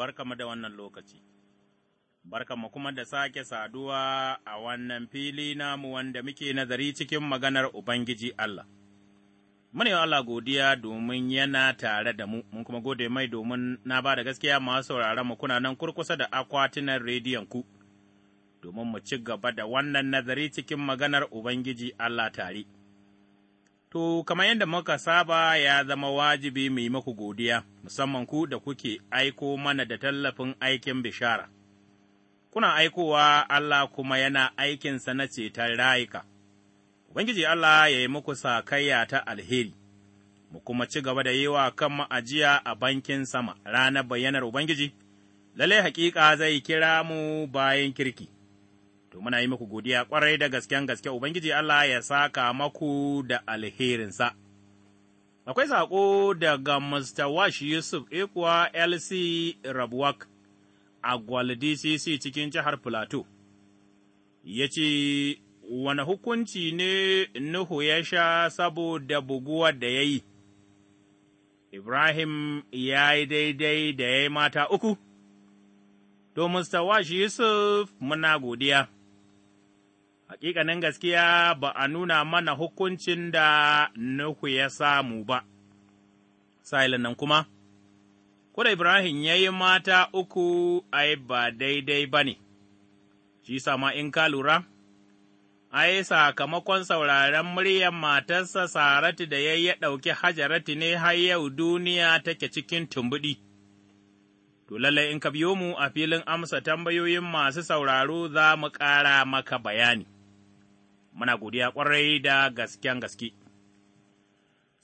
barkamu da wannan lokaci, barkamu kuma da sake saduwa a wannan fili namu wanda muke nazari cikin maganar Ubangiji Allah. Mune Allah godiya domin yana tare da mu, mun kuma gode mai domin na ba da gaskiya masu sauraron mu kuna nan kurkusa da akwatunan rediyon ku, domin mu ci gaba da wannan nazari cikin maganar Ubangiji Allah tare. To, kamar yadda muka saba ya zama wajibi mu yi maku godiya, musamman ku da kuke aiko mana da tallafin aikin bishara. Kuna aikowa Allah kuma yana aikinsa na ceton rayuka. Ubangiji Allah ya yi muku sakayya ta alheri, mu kuma ci gaba da yi wa kan ma'ajiya a bankin sama ranar bayyanar Ubangiji, lalle haƙiƙa zai kira mu bayan kirki. To muna yi muku godiya kwarai da gasken gaske Ubangiji Allah ya saka maku da alherinsa. Akwai saƙo daga Mr. Wash Yusuf Ekuwa eh LC Rabuwak a Gwal DCC cikin jihar Filato, ya ce, Wane hukunci ne Nuhu ya sha saboda buguwar da ya yi, Ibrahim ya yi daidai da ya mata uku? To, Mr. Wash Yusuf muna godiya. Hakikanin gaskiya ba a nuna mana hukuncin da Nuhu ya samu ba, sa'ilin nan kuma, ko da Ibrahim ya yi mata uku ai ba daidai ba ne, shi sama in ka lura, ai, sakamakon sauraren muryar matarsa Saratu da ya ya ɗauki hajarati ne har yau duniya take cikin tumbuɗi. To lallai in ka biyo mu a filin amsa tambayoyin masu sauraro za mu ƙara maka bayani. muna godiya ƙwarai da gasken gaske.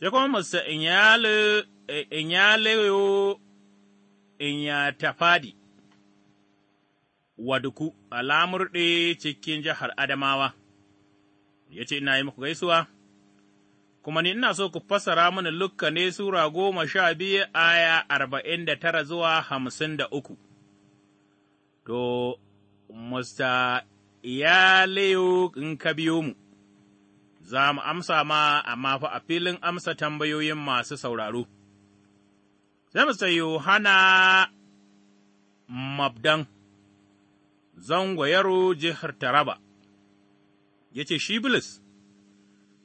Sai kuma Mr. Inyalo eh, Inyatafadi, Waduku, alamurɗe cikin jihar Adamawa, ya ce, Ina yi muku gaisuwa, kuma ni ina so ku fasara mana Lukka ne Sura goma sha biyu aya arba'in da tara zuwa hamsin da uku. To, Mr. iyalayo in ka biyo mu, za mu amsa ma amma fa a filin amsa tambayoyin masu sauraro. Sai Mr. Yohana Mabdan, yaro jihar Taraba, ya ce, Shi Bilis,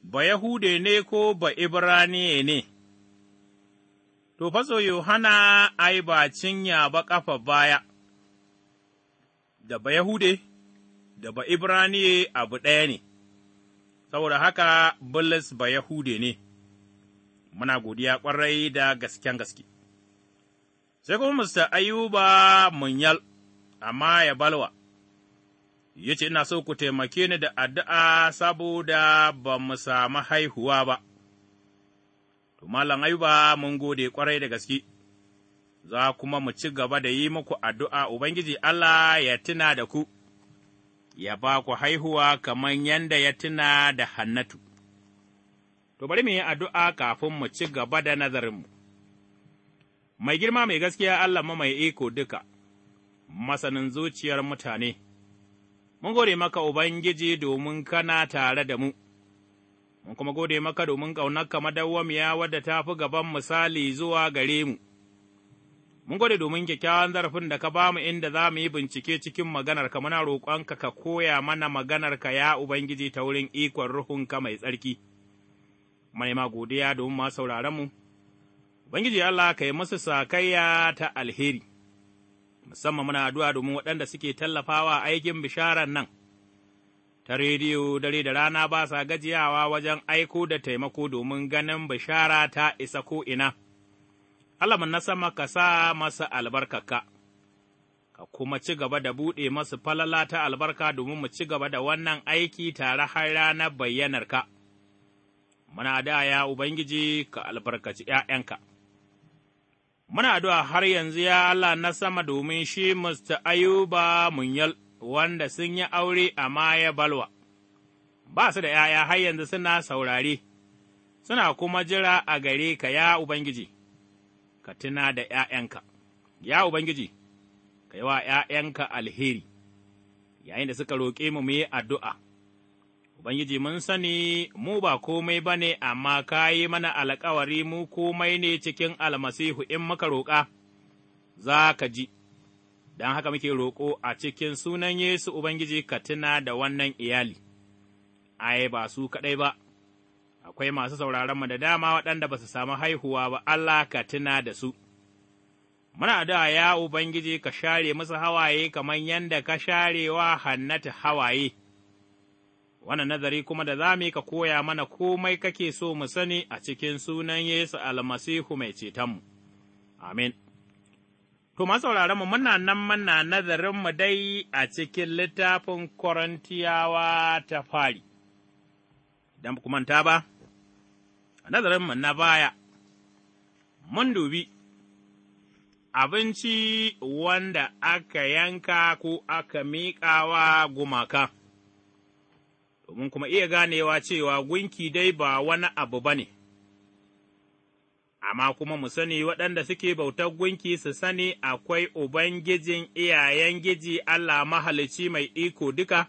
ba Yahude ne ko ba Ibraniye ne? To, faso Yohana ai ba cinya ba ƙafa baya, da ba Yahude, da ba Ibraniye abu ɗaya ne, saboda haka Bulus ba Yahude ne, muna godiya ƙwarai da gasken gaske. Sai kuma Mr. Ayuba Munyal, amma ya balwa, ya ce, Ina so ku taimake ni da addu'a saboda ba mu sami haihuwa ba. To, Malam Ayuba mun gode ƙwarai da gaske. za kuma mu ci gaba da yi muku addu'a Ubangiji Allah ya tuna da ku, ya ba ku haihuwa kamar yadda ya tuna da hannatu. To bari mu yi addu'a kafin mu ci gaba da nazarinmu. Mai girma mai gaskiya Allah mu mai iko duka, masanin zuciyar mutane, mun gode maka Ubangiji domin kana tare da mu, mun kuma gode maka domin ƙaunarka madawwamiya wadda ta fi gaban misali zuwa gare mu. mun gode domin kyakkyawan zarafin da ka ba mu inda za mu yi bincike cikin maganarka muna roƙonka ka koya mana maganarka ya Ubangiji ta wurin ikon ruhunka mai tsarki. ma godiya domin ma sauraron mu, Ubangiji Allah ka yi musu sakayya ta alheri, musamman muna addu'a domin waɗanda suke tallafawa aikin bisharar nan, ta rediyo dare da rana ba sa gajiyawa wajen aiko da taimako domin ganin bishara ta isa ko'ina. Allah na sama ka sa masa albarkaka, ka kuma ci gaba da buɗe masu falala ta albarka domin mu ci gaba da wannan aiki tare har ranar bayyanarka. Muna da ya Ubangiji ka albarkaci ’ya'yanka. Muna addu'a har yanzu ya Allah na sama domin shi Mr. Ayuba Munyal, wanda sun yi aure amma ya balwa, ba su da ’ya'ya har yanzu suna saurare, suna kuma jira a gare ka ya Ubangiji. ka tuna da ’ya'yanka, ya Ubangiji, ka yi wa ’ya'yanka alheri, yayin da suka roƙe mu mu yi addu'a. Ubangiji mun sani mu ba komai ba ne, amma ka yi mana alkawari mu komai ne cikin almasihu in muka roƙa, za ka ji, don haka muke roƙo a cikin sunan Yesu Ubangiji ka tuna da wannan iyali, ai, ba su kaɗai ba, akwai masu mu da dama waɗanda ba su samu haihuwa ba, Allah ka tuna da su. Muna da ya Ubangiji ka share musu hawaye kamar yadda ka share wa hannata hawaye, Wani nazari kuma da za mu ka koya mana komai kake so mu sani a cikin sunan Yesu almasihu mai cetonmu. Amin. To, mu muna nan muna nazarinmu dai a cikin littafin Korintiyawa ta fari, idan ku manta ba, a nazarinmu na baya, mun dubi abinci wanda aka yanka ko aka miƙawa gumaka, domin kuma iya ganewa cewa gunki dai ba wani abu ba ne, amma kuma mu sani waɗanda suke bautar gunki su sani akwai Ubangijin iyayen giji Allah mahalicci mai iko duka,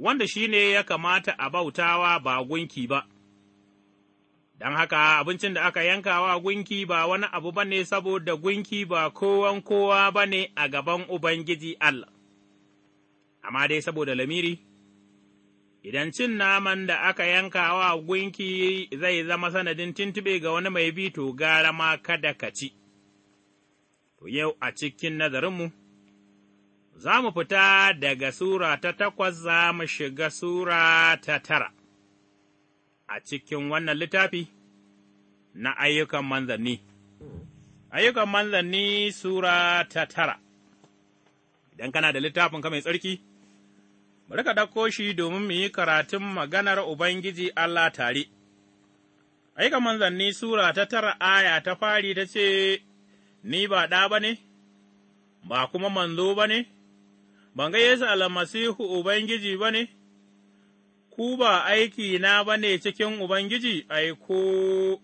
wanda shi ne ya kamata a bautawa ba gunki ba. don haka abincin da aka yanka wa gunki ba wani abu ba ne saboda gunki ba kowan kowa ba ne a gaban Ubangiji Allah, amma dai saboda lamiri, idan cin naman da aka yanka wa gunki zai zama sanadin tintibe ga wani mai bi to gara ma kada ka ci, to yau a cikin nazarinmu. Za mu fita daga Sura ta takwas za mu shiga Sura ta tara. a cikin wannan littafi na ayyukan manzanni. Ayyukan manzanni Sura ta tara Idan kana da littafin ka mai tsarki, bari ka ɗauko shi domin mu yi karatun maganar Ubangiji Allah tare. Ayyukan manzanni Sura ta tara aya ta fari ta ce, Ni ba ɗa ba ne, ba kuma manzo ba ne, ban ga Yesu almasihu Ubangiji ba ne?’ ku ba aikina ba ne cikin Ubangiji, ai, ko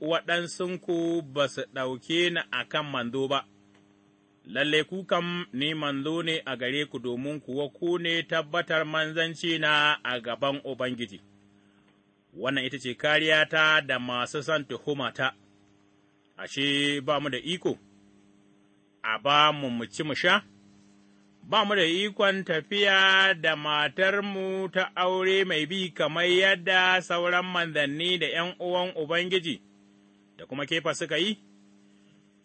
waɗansunku ba su ɗauke na a kan manzo ba, lalle ku kam ni manzo ne a gare ku domin kuwa ku ne tabbatar manzanci na a gaban Ubangiji. Wannan ita ce kariyata da masu son tuhumata, ashe ba mu da iko, a ba mu mu ci mu sha? ba mu da ikon tafiya da matarmu ta aure mai bi kamar yadda sauran manzanni da ’yan uwan Ubangiji da kuma kefa suka yi,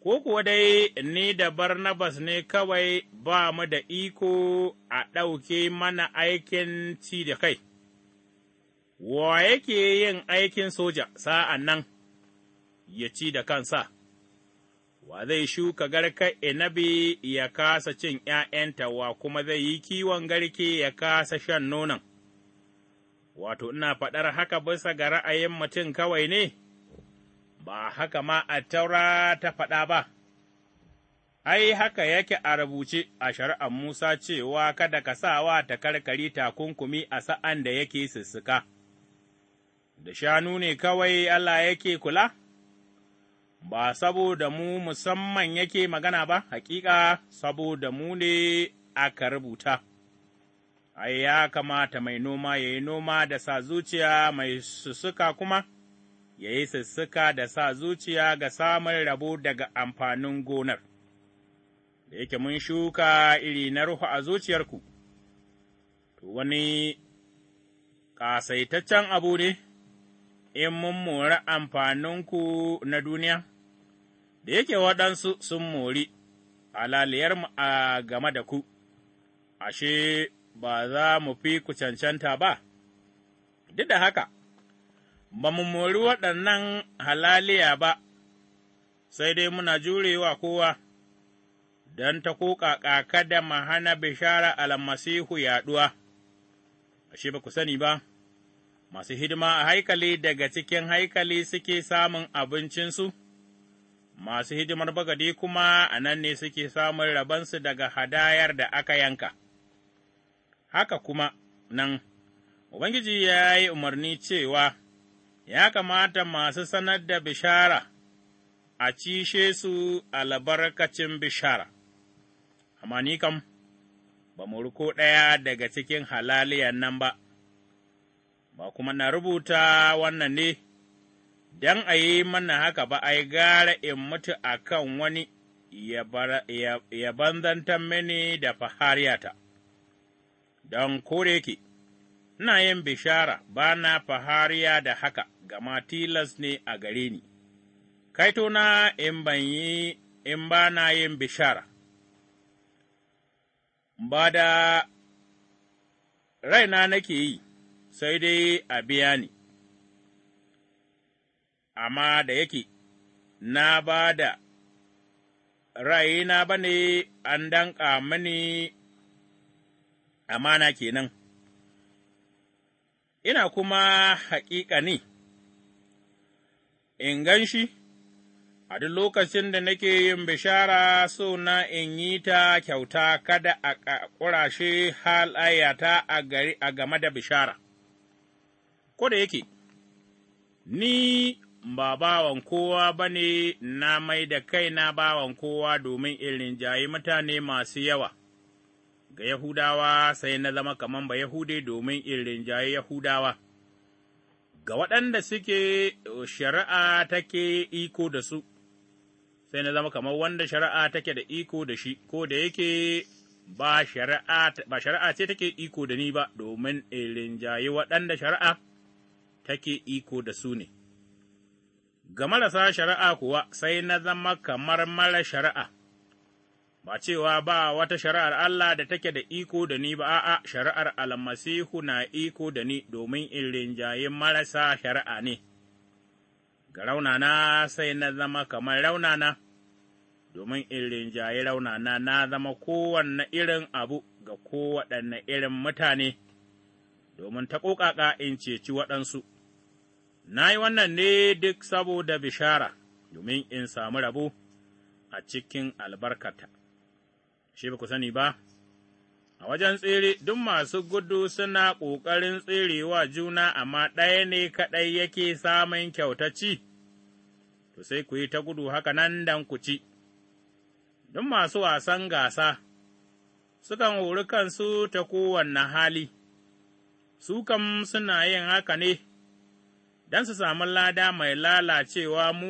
ko kuwa dai ni da Barnabas ne kawai ba mu da iko a ɗauke mana aikin ci da kai, wa yake yin aikin soja sa'an nan ya ci da kansa. wa zai shuka garkar inabi ya kasa cin ’ya'yanta, wa kuma zai yi kiwon garke ya kasa shan nonon. Wato, ina faɗar haka bisa ga ra'ayin mutum kawai ne, ba haka ma a taura ta faɗa ba. ai, haka yake a rubuce a shari'ar Musa cewa kada ka sa wa karkari takunkumi a sa'an da yake sussuka, da shanu ne kawai Allah yake kula? ba saboda mu musamman yake magana ba, hakika saboda mu ne aka rubuta. Ai, ya kamata mai noma ya yi noma da sa zuciya mai susuka kuma, ya yi sussuka da sa zuciya ga samun rabo daga amfanin gonar. Da yake mun shuka iri na ruhu a zuciyarku, to wani ƙasaitaccen abu ne, in mun mori amfaninku na duniya? da yake waɗansu sun mori alaliyarmu a game da ku, ashe, ba za mu fi ku cancanta ba, duk da haka, ba mu mori waɗannan halaliya ba, sai dai muna jurewa kowa, don ta ƙoƙaƙa kada da hana bishara almasihu yaɗuwa, ashe ba ku sani ba. Masu hidima a haikali daga cikin haikali suke samun abincinsu? masu hidimar bagadi kuma a nan ne suke samun rabansu daga hadayar da aka yanka. Haka kuma nan, Ubangiji ya yi umarni cewa, ya kamata masu sanar da bishara a cishe su albarkacin bishara, amma ni kam, ba mu riko ɗaya daga cikin halaliyan nan ba, ba kuma na rubuta wannan ne. don a yi mana haka ba, ai, gara in mutu a kan wani ya banzantar mini da fahariyata, don kore ki, ina yin bishara ba na fahariya da haka, gama tilas ne a gare ni, kaitona in ban in ba na yin bishara, ba da raina nake yi, sai dai a biya ni. amma da yake na ba da ra'ayina ba ne an danƙa mini amana kenan, ina kuma haƙiƙa ne, in gan shi, a duk lokacin da nake yin bishara so na in yi ta kyauta kada a ƙurashe halayata a game da bishara, ko da yake, ni ba bawan kowa ba ne na mai da kaina bawan kowa domin irin jayi mutane masu yawa. Ga Yahudawa sai na zama kaman ba Yahude domin irin jayi Yahudawa. Ga waɗanda suke uh, shari'a take iko da su, sai na zama kamar wanda shari'a take da iko da shi, ko da yake ba shari'a ce take iko da ni ba, domin irin jayi waɗanda shari'a take iko da su ne. ga marasa shari'a kuwa sai na zama kamar mara shari'a, ba cewa ba wata shari'ar Allah da take da iko da ni ba, a'a, shari'ar almasihu na iko da ni domin in rinjaye marasa shari'a ne, ga raunana sai na zama kamar raunana, domin in rinjaye raunana na zama kowanne irin abu ga kowaɗanne irin mutane, domin ta ƙoƙaƙa in ceci waɗansu. na yi wannan ne duk saboda bishara, domin in samu rabo a cikin albarkata. Shi ba ku sani ba, a wajen tsere duk masu gudu suna ƙoƙarin tserewa juna, amma ɗaya ne kaɗai yake samun kyautaci, to sai ku yi ta gudu haka nan dan ku ci. Duk masu wasan gasa sukan hori kansu ta kowanne hali, su kam suna yin haka ne. don su sami lada mai lalacewa mu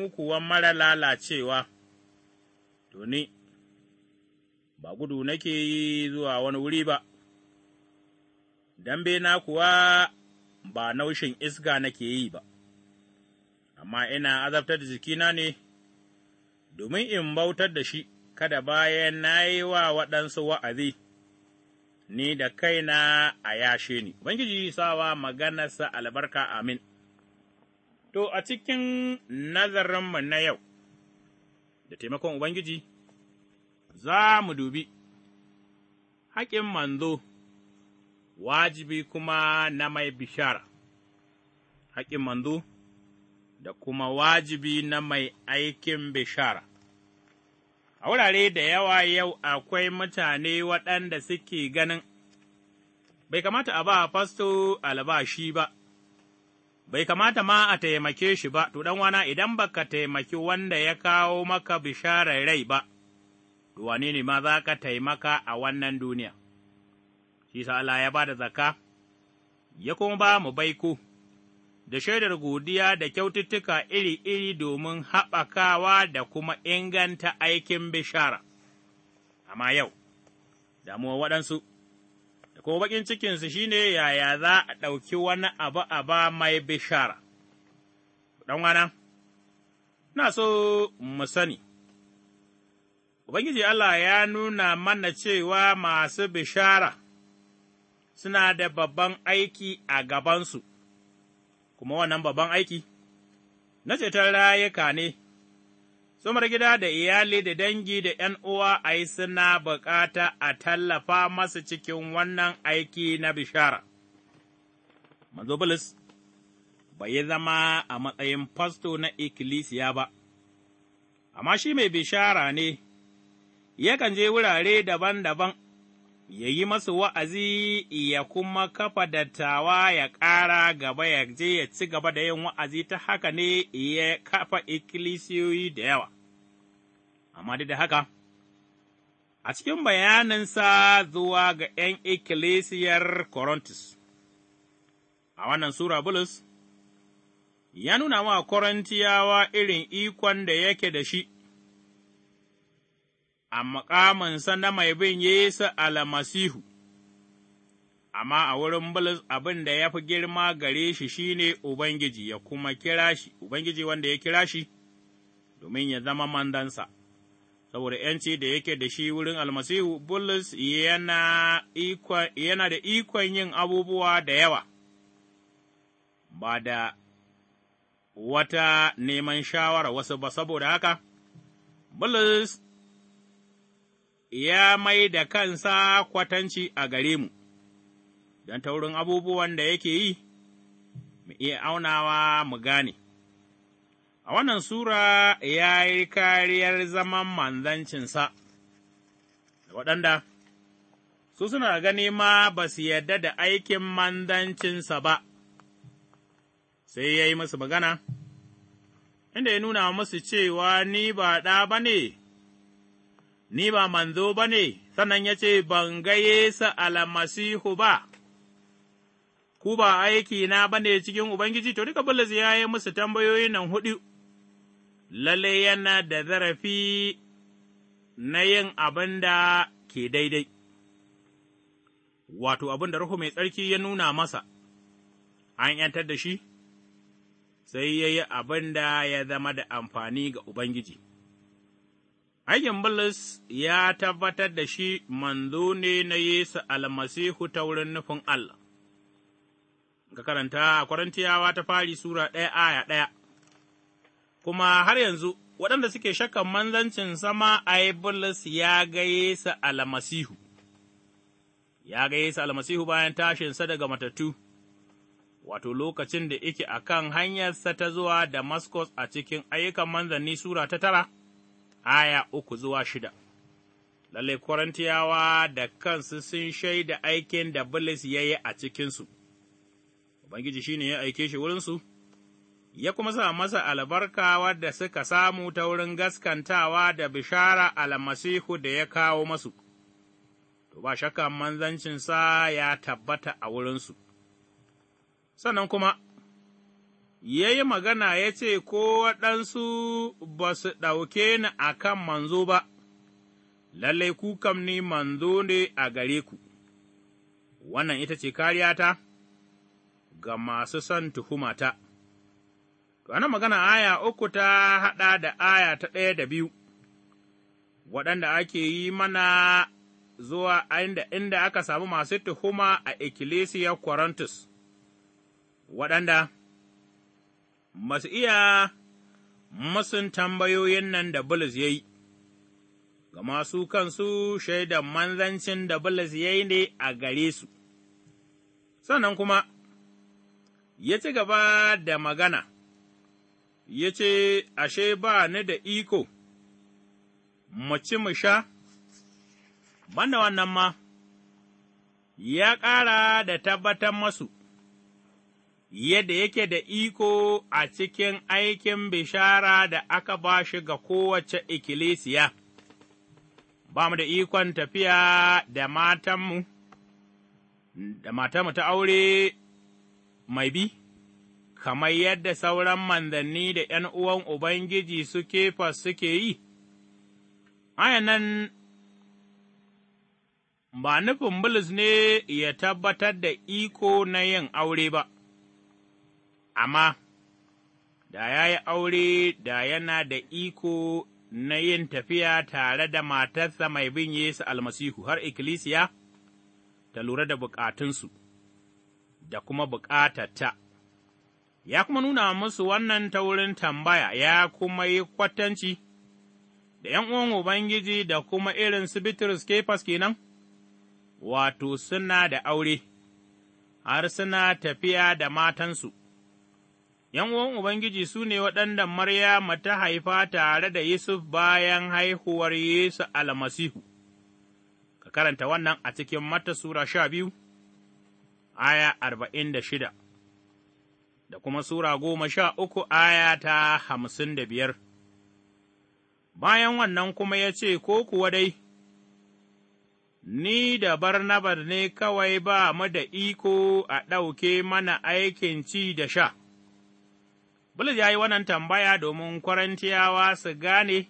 mara lalacewa, doni ba gudu nake yi zuwa wani wuri ba, dambe na kuwa ba naushin iska nake yi ba, amma ina azabtar da jikina ne, domin in bautar da shi, kada bayan na yi wa waɗansu wa'azi. Ni da kaina a yashe ni, Ubangiji sawa maganarsa albarka amin. To, a cikin nazarinmu na yau, da taimakon Ubangiji, za mu dubi haƙin manzo, wajibi kuma na mai bishara, haƙin manzo da kuma wajibi na mai aikin bishara. A wurare da yawa yau akwai mutane waɗanda suke ganin, bai kamata a ba fasto albashi ba. bai kamata ma a taimake shi ba, to wana idan baka taimaki wanda ya kawo maka bisharar rai ba, to wane ne ma za ka taimaka a wannan duniya? Shi sa Allah ya ba da zaka, ya kuma ba mu baiko, da shaidar godiya da kyaututtuka iri-iri domin haɓakawa da kuma inganta aikin bishara, amma yau, damuwa waɗansu. ko baƙin cikinsu shi ne yaya za a ɗauki wani abu a ba mai bishara. Ɗanwana, na so mu sani, Ubangiji Allah ya nuna mana cewa masu bishara suna da babban aiki a gabansu, kuma wannan babban aiki na ceton rayuka ne. sumar gida da iyali da dangi da ’yan uwa a yi suna bukata a tallafa masu cikin wannan aiki na bishara. Manzo bai yi zama a matsayin fasto na ikkilisiya ba, amma shi mai bishara ne, yakan je wurare daban-daban, ya yi masu wa'azi ya kuma kafa dattawa ya ƙara gaba ya je ya ci gaba da yin wa'azi ta haka ne ya kafa ikkilisiyoyi da yawa. amma duk da haka, a cikin bayanansa zuwa ga ’yan ikkilisiyar Korintus, a wannan Sura Bulus, ya nuna wa Korintiyawa irin ikon da yake da shi, a makamansa na mai bin Yesu almasihu. amma a wurin Bulus abin da ya fi girma gare shi shi ne Ubangiji ya kuma kira shi, Ubangiji wanda ya kira shi domin ya zama mandansa. saboda ’yanci da yake da shi wurin almasihu, Bulus yana, da ikon yin abubuwa da yawa, ba da wata neman shawara wasu ba saboda haka, Bulus ya mai da kansa kwatanci a gare mu, don wurin abubuwan da yake yi, mu iya aunawa mu gane. a wannan Sura ya yi kariyar zaman manzancinsa, waɗanda su suna gani ma ba su yarda da aikin manzancinsa ba, sai ya yi musu magana, inda ya nuna musu cewa ni ba ɗa ba ne, ni ba manzo ba ne, sannan ya ce, Ban gaye su almasihu ba. ku ba aikina ba ne cikin Ubangiji, to duka Bulus ya yi musu tambayoyin nan huɗu, lalle yana da zarafi na yin abin da ke daidai, wato abin da Ruhu Mai Tsarki ya nuna masa, an ’yantar da shi, sai ya yi abin da ya zama da amfani ga Ubangiji. Aikin Bulus ya tabbatar da shi manzo ne na Yesu almasihu ta wurin nufin Allah, ka karanta a Korintiyawa ta fari Sura ɗaya aya ɗaya. kuma har yanzu waɗanda suke shakkan manzancin sama yi Bulus ya gaye su almasihu, ya gaye su almasihu bayan tashinsa daga matattu, wato lokacin da yake a kan hanyarsa ta zuwa Damascus a cikin ayyukan manzanni Sura ta tara, aya uku zuwa shida. Lalle Korintiyawa da kansu sun shaida aikin da Bulus ya yi a cikinsu, Ubangiji shi ne ya aike shi wurinsu. ya kuma sa masa albarka wadda suka samu ta wurin gaskantawa da bishara almasihu da ya kawo masu, to ba shakka manzancinsa ya tabbata a wurinsu. Sannan kuma, ya yi magana ya ce, Ko waɗansu ba su ɗauke ni a kan manzo ba, lallai ku kam ni manzo ne a gare ku, wannan ita ce kariyata ga masu son tuhumata. Ana magana aya uku ta haɗa da aya ta ɗaya da biyu, waɗanda ake yi mana zuwa inda, inda aka samu masu tuhuma a Ecclesia Corinthus, waɗanda masu iya masun tambayoyin nan da Bulus ya yi, gama su kansu shaidan manzancin da Bulus ya yi ne a gare su, sannan kuma ya ci gaba da magana. ya ce, Ashe ba ni da iko, mu ci mu sha, banda wannan ma, ya ƙara da tabbatar masu, yadda yake da iko a cikin aikin bishara da aka ba shi ga kowace ikkilisiya, ba mu da ikon tafiya da matanmu, da matanmu ta aure mai bi. kamar yadda sauran manzanni da ’yan uwan Ubangiji suke suke yi, ayanan ba nufin Bulus ne ya tabbatar da iko na yin aure ba, amma da ya yi aure da yana da iko na yin tafiya tare da matarsa mai bin Yesu almasihu har ikkilisiya ta lura da bukatunsu da kuma bukatarta. ya kuma nuna musu wannan ta wurin tambaya, ya kuma yi kwatanci da ’yan uwan Ubangiji da kuma irin su Bitrus Kefas kenan, wato suna da aure, har suna tafiya da matansu. ’Yan uwan Ubangiji su ne waɗanda Maryama ta haifa tare da Yusuf bayan haihuwar Yesu almasihu. Ka karanta wannan a cikin Mata Sura sha biyu, aya arba'in da shida. da kuma Sura goma sha uku aya ta hamsin da biyar. Bayan wannan kuma ya ce, Ko kuwa dai, ni da Barnabas ne kawai ba mu da iko a ɗauke mana aikin ci da sha. Bulus ya yi wannan tambaya domin Kwarantiyawa su gane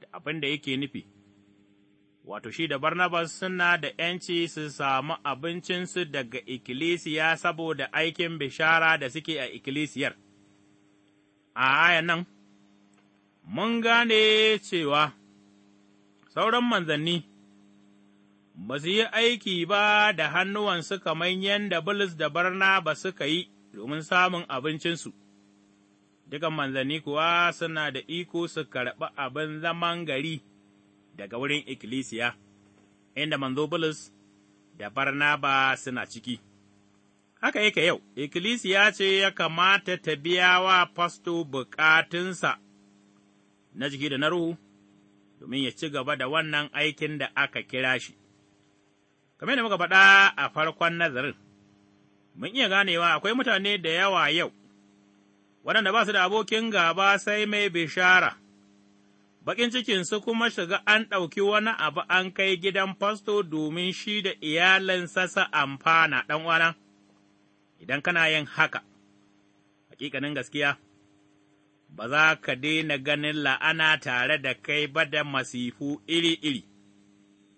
da abin da yake nufi. wato shi da Barnabas suna da ’yanci su samu abincinsu daga ikkilisiya saboda aikin bishara da suke a ikkilisiyar. A aya nan, mun gane cewa sauran manzanni ba su yi aiki ba da hannuwansu kamar yadda Bulus da Barnabas suka yi domin samun abincinsu. Dukan manzanni kuwa suna da iko su karɓi abin zaman gari. daga wurin ikkilisiya, inda manzo Bulus da Barnaba suna ciki. Haka yake yau, ikkilisiya ce ya kamata ta biya wa fasto bukatunsa na jiki da na ruhu, domin ya ci gaba da wannan aikin da aka kira shi. Kamar da muka faɗa a farkon nazarin, mun iya ganewa akwai mutane da yawa yau, waɗanda ba su da abokin gaba sai mai bishara, baƙin cikinsu kuma shiga an ɗauki wani abu an kai gidan fasto domin shi da iyalinsa sa amfana uwana, idan kana yin haka, hakikanin gaskiya, ba za ka daina ganin la'ana tare da kai ba da masifu iri-iri,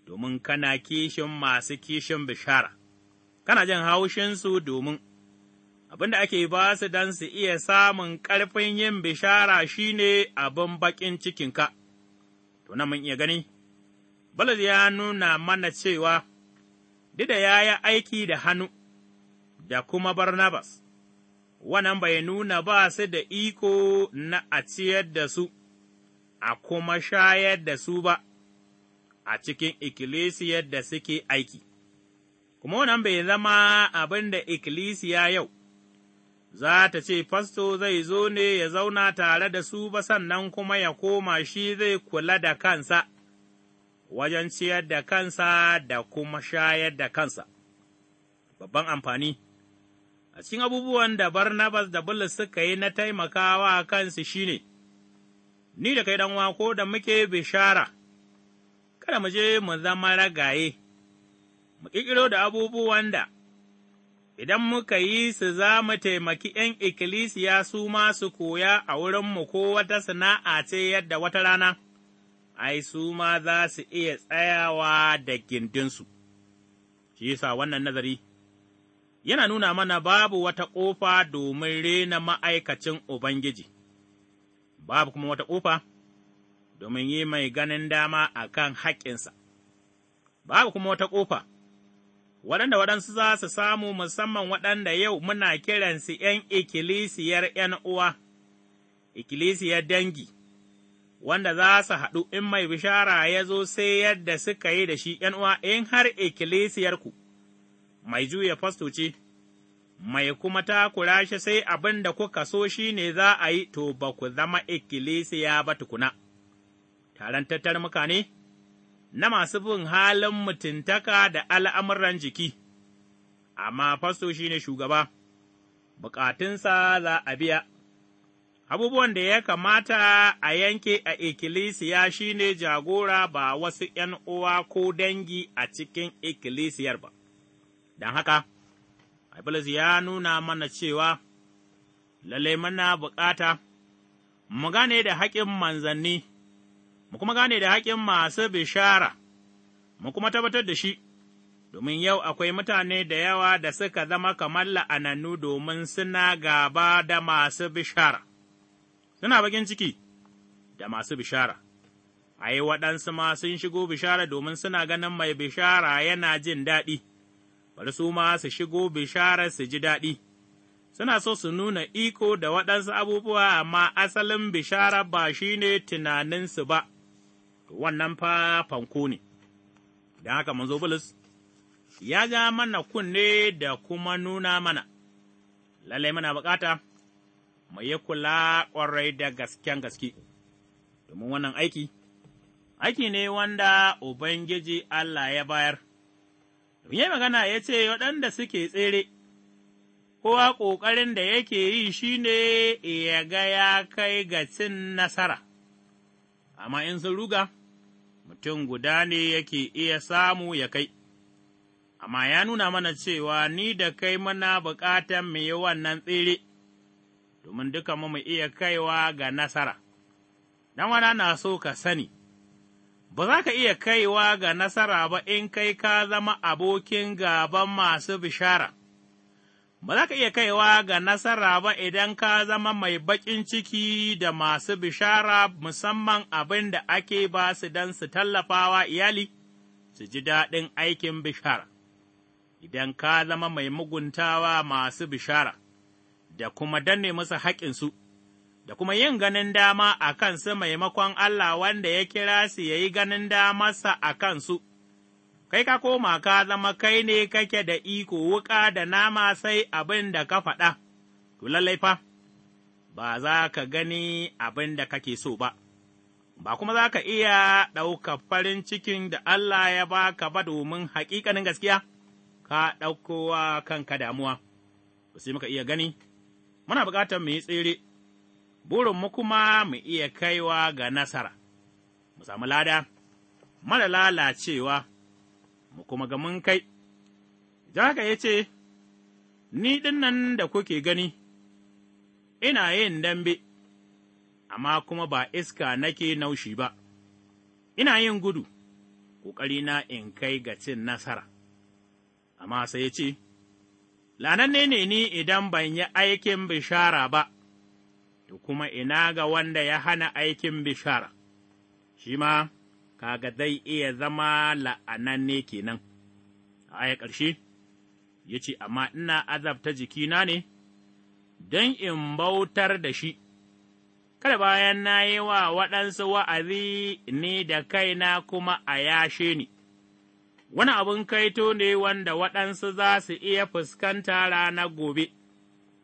domin kana kishin masu kishin bishara, kana jin haushinsu domin. abin da ake ba su don su iya samun ƙarfin yin bishara shi ne abin baƙin cikinka, to na mun iya gani, Balad ya nuna mana cewa, Dida ya yi aiki da hannu, da kuma Barnabas, wannan bai nuna ba su da iko na a ciyar da su, a kuma shayar da su ba, a cikin ikkilisiyar da suke aiki, kuma wannan bai zama abin da ikkilisiya yau. za ta ce, Fasto zai zo ne ya zauna tare da su ba sannan kuma ya koma shi zai kula da kansa, wajen ciyar da kansa da kuma shayar da kansa. Babban amfani A cikin abubuwan da Barnabas da Bulus suka yi na taimakawa kansu shi ne, Ni da kai ɗan ko da muke bishara, kada mu je mu zama ragaye, mu ƙiƙiro da abubuwan da idan muka yi su za mu taimaki ’yan ikkilisiya su ma su koya a wurinmu ko wata sana'a ce yadda wata rana, ai, su ma za su iya tsayawa da gindinsu. Shi yasa wannan nazari yana nuna mana babu wata ƙofa domin rena ma'aikacin Ubangiji, babu kuma wata ƙofa domin yi mai ganin dama a kan haƙƙinsa, babu kuma wata ƙofa. waɗanda waɗansu za su samu musamman waɗanda yau muna kiransu ’yan ikkilisiyar ’yan uwa, ikkilisiyar dangi, wanda za su haɗu in mai bishara ya zo sai yadda suka yi da shi ’yan uwa in har ikkilisiyarku, mai juya fastoci mai kuma takura shi sai abin da kuka so shi ne za a yi to ba ku zama ikkilisiya ba tukuna, taron tattalin mutane. na masu bin halin mutuntaka da al'amuran jiki, amma fasto shi ne shugaba, bukatunsa za a biya. Abubuwan da ya kamata a yanke a ikkilisiya shi ne jagora ba wasu ’yan uwa ko dangi a cikin ikkilisiyar ba, don haka, Iblis ya nuna mana cewa, lallai mana bukata, mu gane da haƙin manzanni. mu kuma gane da haƙin masu bishara, mu kuma tabbatar da shi, domin yau akwai mutane da yawa da suka zama kamar la'ananu domin suna gaba da masu bishara, suna bakin ciki da masu bishara. Ai, waɗansu ma sun shigo bishara domin suna ganin mai bishara yana jin daɗi, bari su ma su shigo bishara su ji daɗi. suna so su nuna iko da waɗansu abubuwa, amma asalin bishara ba shi ne tunaninsu ba, wannan fa fanko ne, don haka manzo Bulus ya ga mana kunne da kuma nuna mana, lallai muna bukata mu yi kula ƙwarai da gasken gaske, domin wannan aiki, aiki ne wanda Ubangiji Allah ya bayar. Yi magana ya ce waɗanda suke tsere, kowa ƙoƙarin da yake yi shi ne ya ga ya kai ga cin nasara, amma in sun ruga. mutum guda ne yake iya samu ya kai, amma ya nuna mana cewa ni da kai mana bukatan mu yi wannan tsere, domin duka mu iya kaiwa ga nasara. Dan wana na so ka sani, ba za ka iya kaiwa ga nasara ba in kai ka zama abokin gaban masu bishara. ba za ka iya kaiwa ga nasara ba idan ka zama mai baƙin ciki da masu bishara musamman abin da ake ba su don su tallafawa iyali, su ji daɗin aikin bishara, idan ka zama mai muguntawa masu bishara, da kuma danne musu haƙinsu, da kuma yin ganin dama a kansu maimakon Allah wanda ya kira su ya yi ganin damarsa a kansu. kai ka koma ka zama kai ne kake da iko wuƙa da nama sai abin da ka faɗa, to lallai fa, ba za ka gani abin da kake so ba, ba kuma za ka iya ɗauka farin cikin da Allah ya ba ka ba domin haƙiƙanin gaskiya, ka ɗaukowa kanka damuwa, ba sai muka iya gani, muna buƙatar mu yi tsere, mu kuma mu iya kaiwa ga nasara, mu samu lada, mara lalacewa. mu kuma ga mun kai. Jaka ya ce, Ni ɗin nan da kuke gani, ina yin dambe, amma kuma ba iska nake naushi ba, ina yin gudu, ƙoƙarina in kai ga cin nasara. Amma sai ya ce, Lananne ne ni idan ban yi aikin bishara ba, to kuma ina ga wanda ya hana aikin bishara, shi ma. kaga zai iya zama la'ananne kenan. A aya ƙarshe, ya ce, Amma ina azabta jikina ne, don in bautar da shi, kada bayan na yi wa waɗansu wa'azi ne da kaina kuma a yashe ni. Wani abin kaito ne wanda waɗansu za su iya fuskanta rana gobe,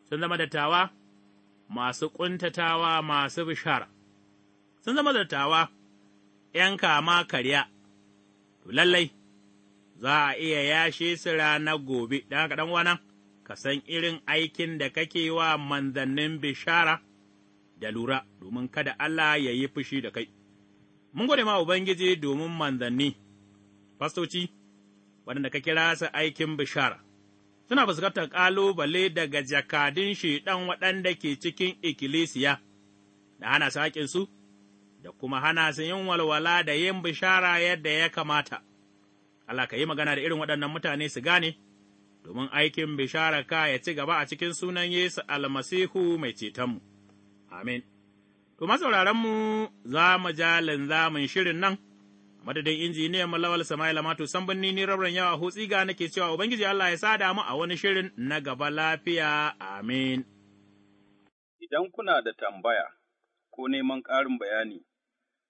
sun zama dattawa, masu ƙuntatawa masu bishara, sun zama dattawa. ’yan kama karya, to lallai, za a iya yashe su ranar gobe, don kaɗan wanan, ka san irin aikin da kake wa manzannin bishara da lura, domin kada Allah ya yi fushi da kai. Mun gode ma Ubangiji domin manzanni, fastoci, waɗanda ka kira su aikin bishara. suna fuskantar ƙalubale daga jakadun shaiɗan waɗanda ke cikin ikkilisiya, da hana su haƙinsu, da kuma hana su yin walwala da yin bishara yadda ya kamata. Allah ka yi magana da irin waɗannan mutane su gane, domin aikin bishara ka ya ci gaba a cikin sunan Yesu almasihu mai cetonmu. Amin. To, masauraranmu za mu ja linzamin shirin nan, madadin injiniyan Lawal sama'il Mato sambanni ni rabran yawa hutsi ga nake cewa Ubangiji Allah ya sada mu a wani shirin na gaba lafiya. Amin. Idan kuna da tambaya ko neman ƙarin bayani,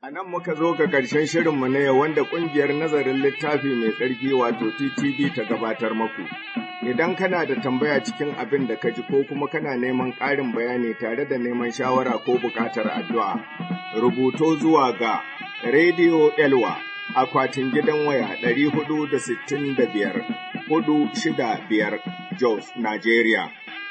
A nan muka zo ga ƙarshen shirinmu yau, wanda ƙungiyar nazarin littafi mai tsarki wato ttv ta gabatar maku. Idan kana da tambaya cikin abin da ka ji ko kuma kana neman ƙarin bayani tare da neman shawara ko buƙatar addu'a, rubuto zuwa ga Radio Elwa akwatin gidan waya 465 465 Jos, Nigeria.